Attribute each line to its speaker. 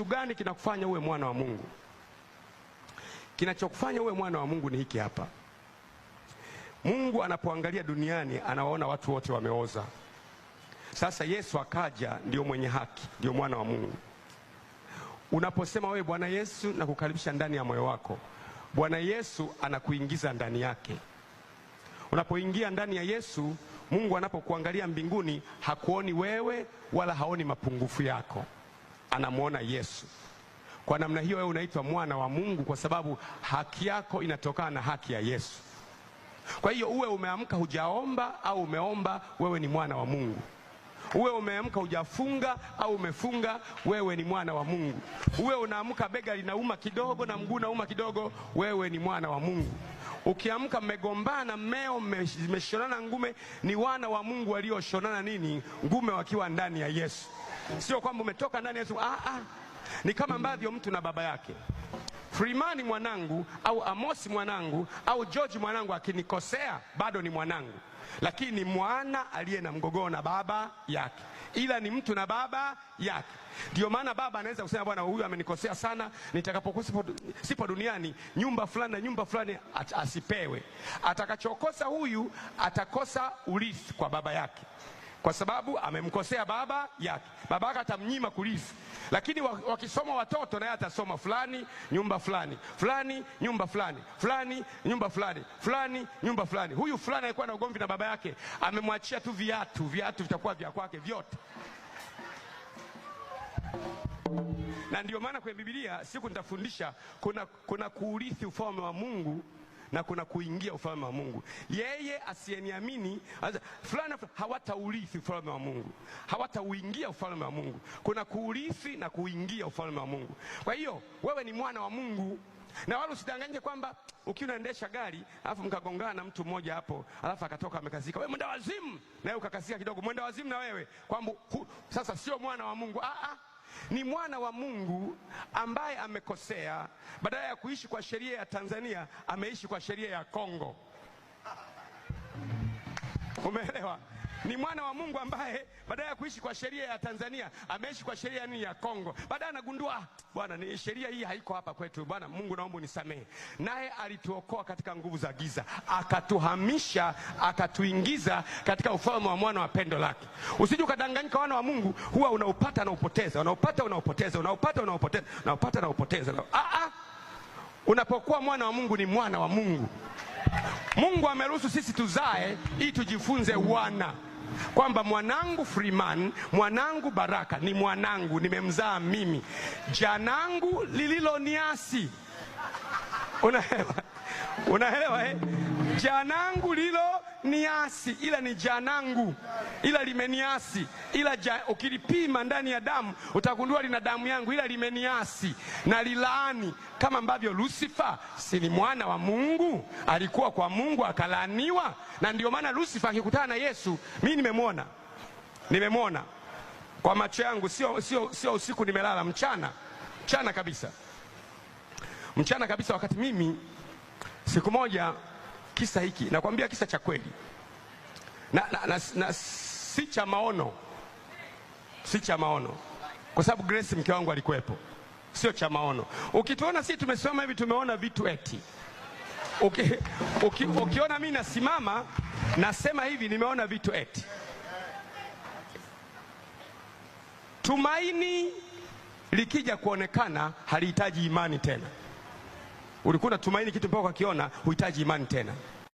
Speaker 1: kitu gani kinakufanya uwe mwana wa Mungu? Kinachokufanya uwe mwana wa Mungu ni hiki hapa. Mungu anapoangalia duniani anawaona watu wote wameoza. Sasa Yesu akaja, ndio mwenye haki, ndio mwana wa Mungu. Unaposema wewe Bwana Yesu, na kukaribisha ndani ya moyo wako, Bwana Yesu anakuingiza ndani yake. Unapoingia ndani ya Yesu, Mungu anapokuangalia mbinguni hakuoni wewe wala haoni mapungufu yako anamwona Yesu. Kwa namna hiyo, wewe unaitwa mwana wa Mungu kwa sababu haki yako inatokana na haki ya Yesu. Kwa hiyo uwe umeamka hujaomba au umeomba, wewe ni mwana wa Mungu. Uwe umeamka hujafunga au umefunga, wewe ni mwana wa Mungu. Uwe unaamka bega linauma kidogo na mguu unauma kidogo, wewe ni mwana wa Mungu. Ukiamka mmegombana, mmeo mmeshonana ngume, ni wana wa Mungu walioshonana nini ngume wakiwa ndani ya Yesu. Sio kwamba umetoka ndani ya Yesu. Ah, ah. Ni kama ambavyo mtu na baba yake frimani mwanangu au Amosi mwanangu au George mwanangu akinikosea bado ni mwanangu, lakini mwana aliye na mgogoro na baba yake, ila ni mtu na baba yake. Ndio maana baba anaweza kusema bwana, huyu amenikosea sana, nitakapokuwa sipo duniani, nyumba fulani na nyumba fulani asipewe. Atakachokosa huyu atakosa urithi kwa baba yake kwa sababu amemkosea baba yake, baba yake atamnyima kurithi. Lakini wakisoma watoto, naye atasoma fulani nyumba fulani fulani nyumba fulani fulani nyumba fulani fulani nyumba fulani. Huyu fulani alikuwa na ugomvi na baba yake, amemwachia tu viatu, viatu vitakuwa vya kwake vyote. Na ndio maana kwenye Biblia siku nitafundisha kuna, kuna kuurithi ufalme wa Mungu na kuna kuingia ufalme wa Mungu. Yeye asiyeniamini fulani hawataurithi ufalme wa Mungu, hawatauingia ufalme wa Mungu. Kuna kuurithi na kuingia ufalme wa Mungu. Kwa hiyo wewe ni mwana wa Mungu na wala usidanganyike kwamba ukiwa unaendesha gari alafu mkagongana na mtu mmoja hapo, alafu akatoka amekazika, wewe mwenda wazimu, na wewe ukakazika kidogo, mwenda wazimu na wewe, kwamba sasa sio mwana wa Mungu. ah. ah ni mwana wa Mungu ambaye amekosea, badala ya kuishi kwa sheria ya Tanzania ameishi kwa sheria ya Kongo. Umeelewa? ni mwana wa Mungu ambaye baada ya kuishi kwa sheria ya Tanzania ameishi kwa sheria nini ya Kongo. Baadaye anagundua bwana, ni sheria hii haiko hapa kwetu. Bwana Mungu, naomba unisamehe. Naye alituokoa katika nguvu za giza, akatuhamisha, akatuingiza katika ufalme wa mwana wa pendo lake. Usije ukadanganyika, wana wa Mungu huwa unaupata na upoteza, unaupata unaupoteza, unaupata unaupoteza, unaupata na upoteza. Ah ah, unapokuwa mwana wa Mungu ni mwana wa Mungu. Mungu ameruhusu sisi tuzae ili tujifunze wana kwamba mwanangu Freeman, mwanangu Baraka ni mwanangu, nimemzaa mimi, janangu lililoniasi. Unaelewa? Unaelewa eh? Janangu lililo niasi, ila ni janangu, ila limeniasi, ila ja, ukilipima ndani ya damu utagundua lina damu yangu, ila limeniasi na lilaani, kama ambavyo Lusifa si ni mwana wa Mungu, alikuwa kwa Mungu akalaaniwa. Na ndio maana Lusifa akikutana na Yesu, mimi nimemwona, nimemwona kwa macho yangu, sio, sio, sio usiku nimelala, mchana, mchana kabisa, mchana kabisa, wakati mimi siku moja kisa hiki, nakwambia kisa cha kweli na, na, na, na si cha maono, si cha maono, kwa sababu Grace mke wangu alikuwepo. Sio cha maono. Ukituona sisi tumesimama hivi, tumeona vitu eti uki, uki, ukiona mi nasimama nasema hivi, nimeona vitu eti. Tumaini likija kuonekana halihitaji imani tena. Ulikuwa unatumaini kitu mpaka ukakiona, huhitaji imani tena.